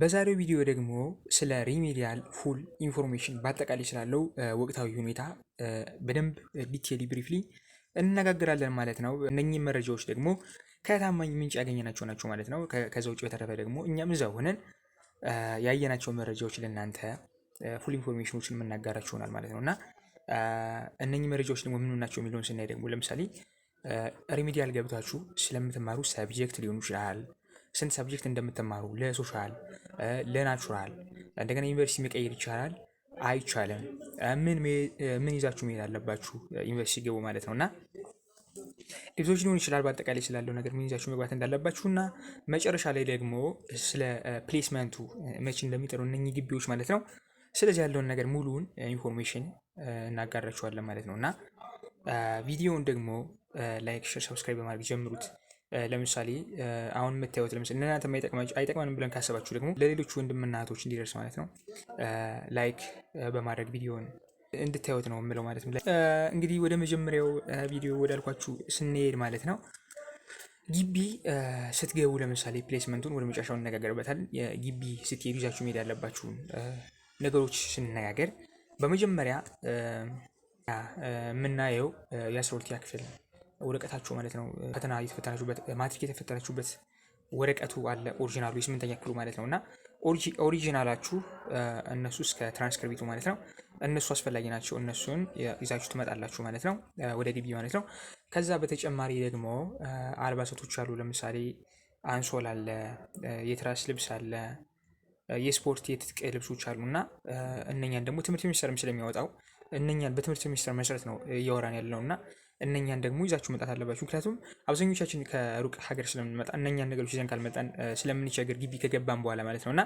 በዛሬው ቪዲዮ ደግሞ ስለ ሪሜዲያል ፉል ኢንፎርሜሽን በአጠቃላይ ስላለው ወቅታዊ ሁኔታ በደንብ ዲቴል ብሪፍሊ እንነጋገራለን ማለት ነው። እነኚህ መረጃዎች ደግሞ ከታማኝ ምንጭ ያገኘናቸው ናቸው ማለት ነው። ከዛ ውጭ በተረፈ ደግሞ እኛም እዛ ሆነን ያየናቸው መረጃዎች ለእናንተ ፉል ኢንፎርሜሽኖችን የምናጋራችሁ ይሆናል ማለት ነው እና እነኚህ መረጃዎች ደግሞ ምኑ ናቸው የሚለውን ስናይ ደግሞ ለምሳሌ ሪሜዲያል ገብታችሁ ስለምትማሩ ሰብጀክት ሊሆኑ ይችላል ስንት ሰብጀክት እንደምትማሩ ለሶሻል ለናቹራል እንደገና ዩኒቨርሲቲ መቀየር ይቻላል አይቻልም፣ ምን ይዛችሁ መሄድ አለባችሁ ዩኒቨርሲቲ ገቡ ማለት ነው እና ቲፕሶች ሊሆን ይችላል በአጠቃላይ ስላለው ነገር ምን ይዛችሁ መግባት እንዳለባችሁ እና መጨረሻ ላይ ደግሞ ስለ ፕሌስመንቱ መቼ እንደሚጠሩ እነኚህ ግቢዎች ማለት ነው። ስለዚህ ያለውን ነገር ሙሉውን ኢንፎርሜሽን እናጋራችኋለን ማለት ነው እና ቪዲዮውን ደግሞ ላይክ፣ ሰብስክራይብ በማድረግ ጀምሩት። ለምሳሌ አሁን የምታዩት ለምሳሌ ለእናንተ አይጠቅመንም ብለን ካሰባችሁ ደግሞ ለሌሎች ወንድምና እንዲደርስ ማለት ነው ላይክ በማድረግ ቪዲዮን እንድታዩት ነው የምለው ማለት ነው። እንግዲህ ወደ መጀመሪያው ቪዲዮ ወዳልኳችሁ ስንሄድ ማለት ነው ግቢ ስትገቡ ለምሳሌ ፕሌስመንቱን ወደ መጨረሻው እንነጋገርበታል። ግቢ ስትሄዱ ይዛችሁ መሄድ ያለባችሁን ነገሮች ስንነጋገር በመጀመሪያ የምናየው የአስራ ሁለተኛ ክፍል ወረቀታችሁ ማለት ነው ፈተና የተፈተናችሁበት ማትሪክ የተፈተናችሁበት ወረቀቱ አለ ኦሪጂናሉ የስምንተኛ ክፍሉ ማለት ነው እና ኦሪጂናላችሁ እነሱ እስከ ትራንስክሪቢቱ ማለት ነው እነሱ አስፈላጊ ናቸው። እነሱን ይዛችሁ ትመጣላችሁ ማለት ነው ወደ ግቢ ማለት ነው። ከዛ በተጨማሪ ደግሞ አልባሳቶች አሉ። ለምሳሌ አንሶል አለ፣ የትራስ ልብስ አለ፣ የስፖርት የትጥቅ ልብሶች አሉ እና እነኛን ደግሞ ትምህርት ሚኒስቴርም ስለሚያወጣው እነኛን በትምህርት ሚኒስቴር መሰረት ነው እያወራን ያለው እና እነኛን ደግሞ ይዛችሁ መምጣት አለባችሁ። ምክንያቱም አብዛኞቻችን ከሩቅ ሀገር ስለምንመጣ እነኛን ነገሮች ይዘን ካልመጣን ስለምንቸገር ግቢ ከገባን በኋላ ማለት ነው እና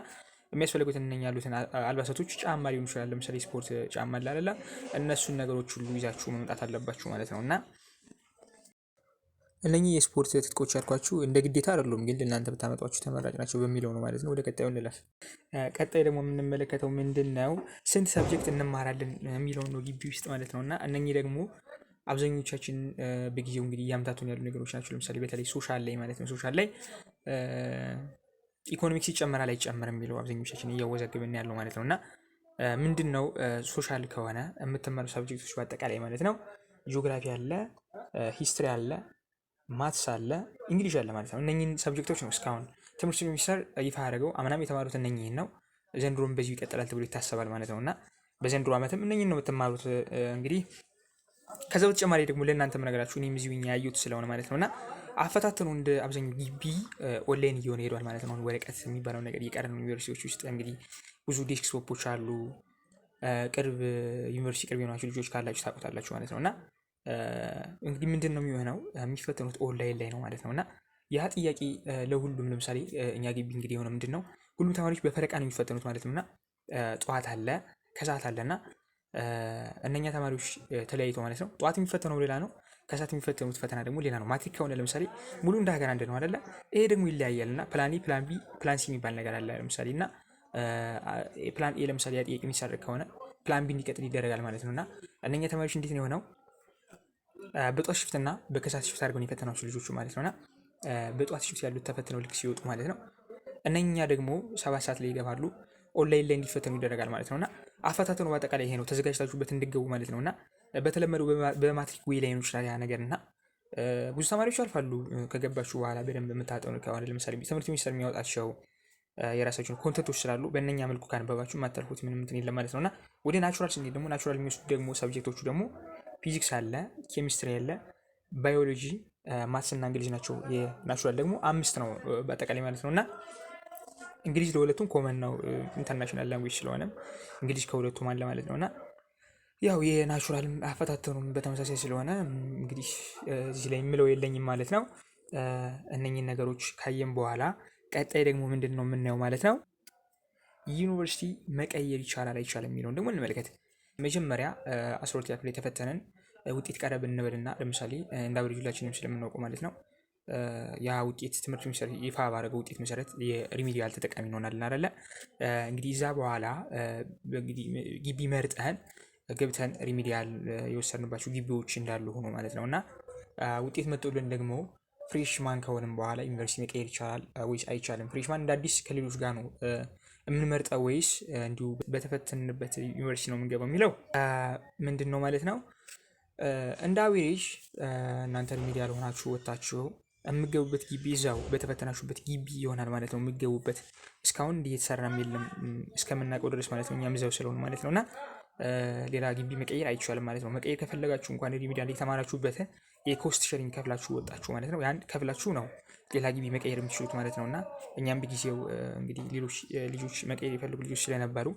የሚያስፈልጉት እነኛ ያሉትን አልባሳቶች ጫማ ሊሆን ይችላል። ለምሳሌ ስፖርት ጫማ ላለላ እነሱን ነገሮች ሁሉ ይዛችሁ መምጣት አለባችሁ ማለት ነው እና እነኚህ የስፖርት ትጥቆች ያልኳችሁ እንደ ግዴታ አይደሉም፣ ግን እናንተ ብታመጧችሁ ተመራጭ ናቸው በሚለው ነው ማለት ነው። ወደ ቀጣዩ እንለፍ። ቀጣይ ደግሞ የምንመለከተው ምንድን ነው ስንት ሰብጀክት እንማራለን የሚለው ነው ግቢ ውስጥ ማለት ነው እና እነኚህ ደግሞ አብዛኞቻችን በጊዜው እንግዲህ እያምታቱን ያሉ ነገሮች ናቸው። ለምሳሌ በተለይ ሶሻል ላይ ማለት ነው። ሶሻል ላይ ኢኮኖሚክስ ይጨመራል አይጨመርም የሚለው አብዛኞቻችን እያወዛገብን ያለው ማለት ነው። እና ምንድን ነው ሶሻል ከሆነ የምትመሩ ሳብጀክቶች በአጠቃላይ ማለት ነው ጂኦግራፊ አለ፣ ሂስትሪ አለ፣ ማትስ አለ፣ እንግሊሽ አለ ማለት ነው። እነኝህን ሰብጀክቶች ነው እስካሁን ትምህርት ሚኒስቴር ይፋ ያደረገው። አምናም የተማሩት እነኝህን ነው። ዘንድሮም በዚሁ ይቀጥላል ተብሎ ይታሰባል ማለት ነው እና በዘንድሮ ዓመትም እነኝህን ነው የምትማሩት እንግዲህ ከዛ በተጨማሪ ደግሞ ለእናንተ መነገራችሁ እኔም እዚሁ ያዩት ስለሆነ ማለት ነው እና አፈታተኑ እንደ አብዛኛው ግቢ ኦንላይን እየሆነ ሄዷል ማለት ነው። ወረቀት የሚባለው ነገር እየቀረ ነው። ዩኒቨርሲቲዎች ውስጥ እንግዲህ ብዙ ዴስክቶፖች አሉ። ቅርብ ዩኒቨርሲቲ ቅርብ የሆናችሁ ልጆች ካላችሁ ታውቁታላችሁ ማለት ነው እና እንግዲህ ምንድን ነው የሚሆነው የሚፈተኑት ኦንላይን ላይ ነው ማለት ነው እና ያ ጥያቄ ለሁሉም ለምሳሌ እኛ ግቢ እንግዲህ የሆነ ምንድን ነው ሁሉም ተማሪዎች በፈረቃ ነው የሚፈተኑት ማለት ነው እና ጠዋት አለ ከሰዓት እና እነኛ ተማሪዎች ተለያይቶ ማለት ነው። ጠዋት የሚፈተነው ሌላ ነው፣ ከሰዓት የሚፈተኑት ፈተና ደግሞ ሌላ ነው። ማትሪክ ከሆነ ለምሳሌ ሙሉ እንደ ሀገር አንድ ነው አደለ? ይሄ ደግሞ ይለያያል እና ፕላን ኤ፣ ፕላን ቢ፣ ፕላን ሲ የሚባል ነገር አለ ለምሳሌ እና ፕላን ኤ ለምሳሌ ጥያቄ የሚሰረቅ ከሆነ ፕላን ቢ እንዲቀጥል ይደረጋል ማለት ነው እና እነኛ ተማሪዎች እንዴት ነው የሆነው? ሽፍት ሽፍትና በከሳት ሽፍት አድርገው የፈተናዎች ልጆቹ ማለት ነውና በጠዋት ሽፍት ያሉት ተፈትነው ልክ ሲወጡ ማለት ነው እነኛ ደግሞ ሰባት ሰዓት ላይ ይገባሉ። ኦንላይን ላይ እንዲፈተኑ ይደረጋል ማለት ነውና አፈታተኑ በአጠቃላይ ይሄ ነው። ተዘጋጅታችሁበት እንድገቡ ማለት ነውና በተለመደው በማትሪክ ወይ ላይ ይችላል ያ ነገር እና ብዙ ተማሪዎች ያልፋሉ። ከገባችሁ በኋላ በደንብ የምታጠኑ ከሆነ ለምሳሌ ትምህርት ሚኒስቴር የሚያወጣቸው የራሳቸውን ኮንተንቶች ስላሉ በእነኛ መልኩ ካነበባችሁ የማታልፉት ምንም እንትን የለም ማለት ነውና ወደ ናቹራል ስንሄድ ደግሞ ናቹራል የሚወስዱ ደግሞ ሰብጀክቶቹ ደግሞ ፊዚክስ አለ፣ ኬሚስትሪ አለ፣ ባዮሎጂ ማትስና እንግሊዝ ናቸው። የናቹራል ደግሞ አምስት ነው በአጠቃላይ ማለት ነውና እንግሊዝ ለሁለቱም ኮመን ነው ኢንተርናሽናል ላንጉጅ ስለሆነ እንግሊዝ ከሁለቱም አለ ማለት ነው እና ያው የናቹራል አፈታተኑ በተመሳሳይ ስለሆነ እንግዲህ እዚህ ላይ የምለው የለኝም ማለት ነው። እነኝን ነገሮች ካየም በኋላ ቀጣይ ደግሞ ምንድን ነው የምናየው ማለት ነው። ዩኒቨርሲቲ መቀየር ይቻላል አይቻል የሚለውን ደግሞ እንመልከት። መጀመሪያ አስሮት ያክል የተፈተንን ውጤት ቀረብ እንበልና ለምሳሌ እንደ ስለምናውቀው ማለት ነው ያ ውጤት ትምህርት ሚኒስቴር ይፋ ባደረገው ውጤት መሰረት የሪሚዲያል ተጠቃሚ እንሆናለን አይደለ? እንግዲህ እዛ በኋላ ግቢ መርጠን ገብተን ሪሚዲያል የወሰንባቸው ግቢዎች እንዳሉ ሆኖ ማለት ነው። እና ውጤት መጥቶልን ደግሞ ፍሬሽማን ከሆንም በኋላ ዩኒቨርሲቲ መቀየር ይቻላል ወይስ አይቻልም? ፍሬሽማን እንደ አዲስ ከሌሎች ጋር ነው የምንመርጠው ወይስ እንዲሁ በተፈተንበት ዩኒቨርሲቲ ነው የምንገባው የሚለው ምንድን ነው ማለት ነው። እንደ አዌሬጅ እናንተ ሪሚዲያል ሆናችሁ ወጥታችሁ የምገቡበት ግቢ እዛው በተፈተናችሁበት ግቢ ይሆናል ማለት ነው የምገቡበት። እስካሁን እየተሰራም የለም እስከምናውቀው ድረስ ማለት ነው፣ እኛም እዛው ስለሆን ማለት ነው። እና ሌላ ግቢ መቀየር አይቻልም ማለት ነው። መቀየር ከፈለጋችሁ እንኳን ሪሚዲያል የተማራችሁበት የኮስት ሸሪንግ ከፍላችሁ ወጣችሁ ማለት ነው። ያን ከፍላችሁ ነው ሌላ ግቢ መቀየር የምትችሉት ማለት ነው። እና እኛም በጊዜው እንግዲህ ሌሎች ልጆች መቀየር የፈለጉ ልጆች ስለነበሩ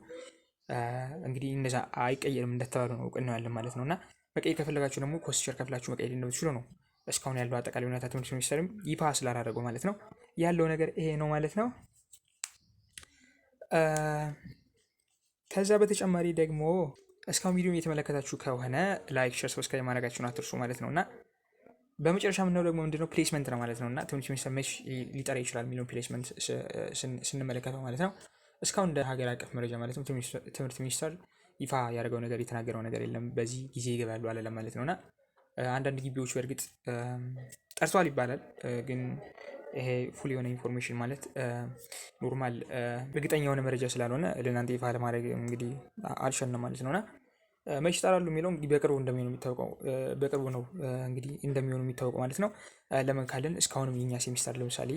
እንግዲህ እነዛ አይቀየርም እንደተባሉ ነው እውቅና ያለን ማለት ነው። እና መቀየር ከፈለጋችሁ ደግሞ ኮስት ሸር ከፍላችሁ መቀየር እንደምትችሉ ነው እስካሁን ያለው አጠቃላይ ሁኔታ ትምህርት ሚኒስቴርም ይፋ ስላላደረገው ማለት ነው ያለው ነገር ይሄ ነው ማለት ነው። ከዛ በተጨማሪ ደግሞ እስካሁን ቪዲዮ እየተመለከታችሁ ከሆነ ላይክ፣ ሸር፣ ሰብስክራይብ ማድረጋችሁን አትርሱ ማለት ነው እና በመጨረሻ የምናየው ደግሞ ምንድነው ፕሌስመንት ነው ማለት ነው እና ትምህርት ሚኒስቴር መች ሊጠራ ይችላል የሚለውን ፕሌስመንት ስንመለከተው ማለት ነው እስካሁን እንደ ሀገር አቀፍ መረጃ ማለት ነው ትምህርት ሚኒስቴር ይፋ ያደረገው ነገር የተናገረው ነገር የለም። በዚህ ጊዜ ይገባሉ አለለም ማለት ነውና አንዳንድ ግቢዎች በእርግጥ ጠርሷል ይባላል ግን ይሄ ፉል የሆነ ኢንፎርሜሽን ማለት ኖርማል እርግጠኛ የሆነ መረጃ ስላልሆነ ለእናንተ ይፋ ለማድረግ እንግዲህ ነው ማለት ነው እና መች የሚለው እንግዲህ በቅርቡ እንደሚሆኑ የሚታወቀው በቅርቡ ነው እንግዲህ እንደሚሆኑ የሚታወቀው ማለት ነው። ለምን ካለን እስካሁንም የኛ ሴሚስተር ለምሳሌ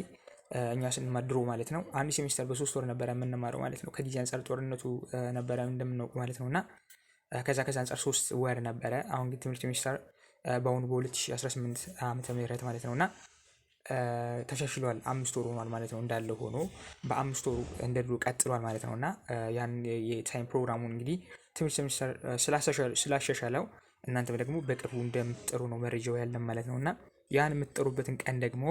እኛ ስንማድሮ ማለት ነው አንድ ሴሚስተር በሶስት ወር ነበረ የምንማረው ማለት ነው። ከጊዜ አንጻር ጦርነቱ ነበረ እንደምናውቅ ማለት ነው እና ከዛ ከዛ አንጻር ሶስት ወር ነበረ። አሁን ግን ትምህርት ሚኒስተር በአሁኑ በ2018 ዓመተ ምህረት ማለት ነው እና ተሻሽሏል። አምስት ወር ሆኗል ማለት ነው። እንዳለ ሆኖ በአምስት ወሩ እንደ ድሮ ቀጥሏል ማለት ነው እና ያን የታይም ፕሮግራሙን እንግዲህ ትምህርት ሚኒስተር ስላሻሻለው እናንተም ደግሞ በቅርቡ እንደምትጠሩ ነው መረጃው ያለን ማለት ነው እና ያን የምትጠሩበትን ቀን ደግሞ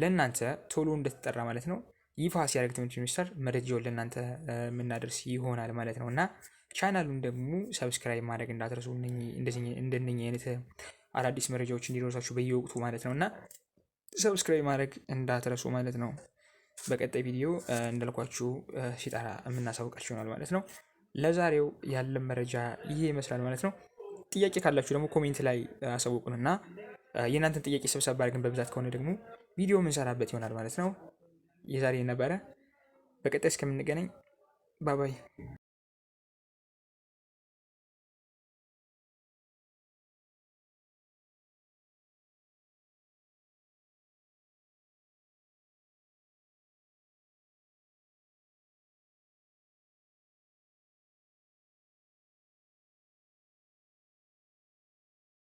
ለእናንተ ቶሎ እንደተጠራ ማለት ነው ይፋ ሲያደርግ ትምህርት ሚኒስተር መረጃውን ለእናንተ የምናደርስ ይሆናል ማለት ነው እና ቻናሉን ደግሞ ሰብስክራይብ ማድረግ እንዳትረሱ እንደነኛ አይነት አዳዲስ መረጃዎች እንዲደርሳችሁ በየወቅቱ ማለት ነው እና ሰብስክራይብ ማድረግ እንዳትረሱ ማለት ነው። በቀጣይ ቪዲዮ እንዳልኳችሁ ሲጠራ የምናሳውቃችሁ ይሆናል ማለት ነው። ለዛሬው ያለን መረጃ ይሄ ይመስላል ማለት ነው። ጥያቄ ካላችሁ ደግሞ ኮሜንት ላይ አሳውቁን እና የእናንተን ጥያቄ ሰብሰብ አድርገን በብዛት ከሆነ ደግሞ ቪዲዮ የምንሰራበት ይሆናል ማለት ነው። የዛሬ ነበረ። በቀጣይ እስከምንገናኝ ባባይ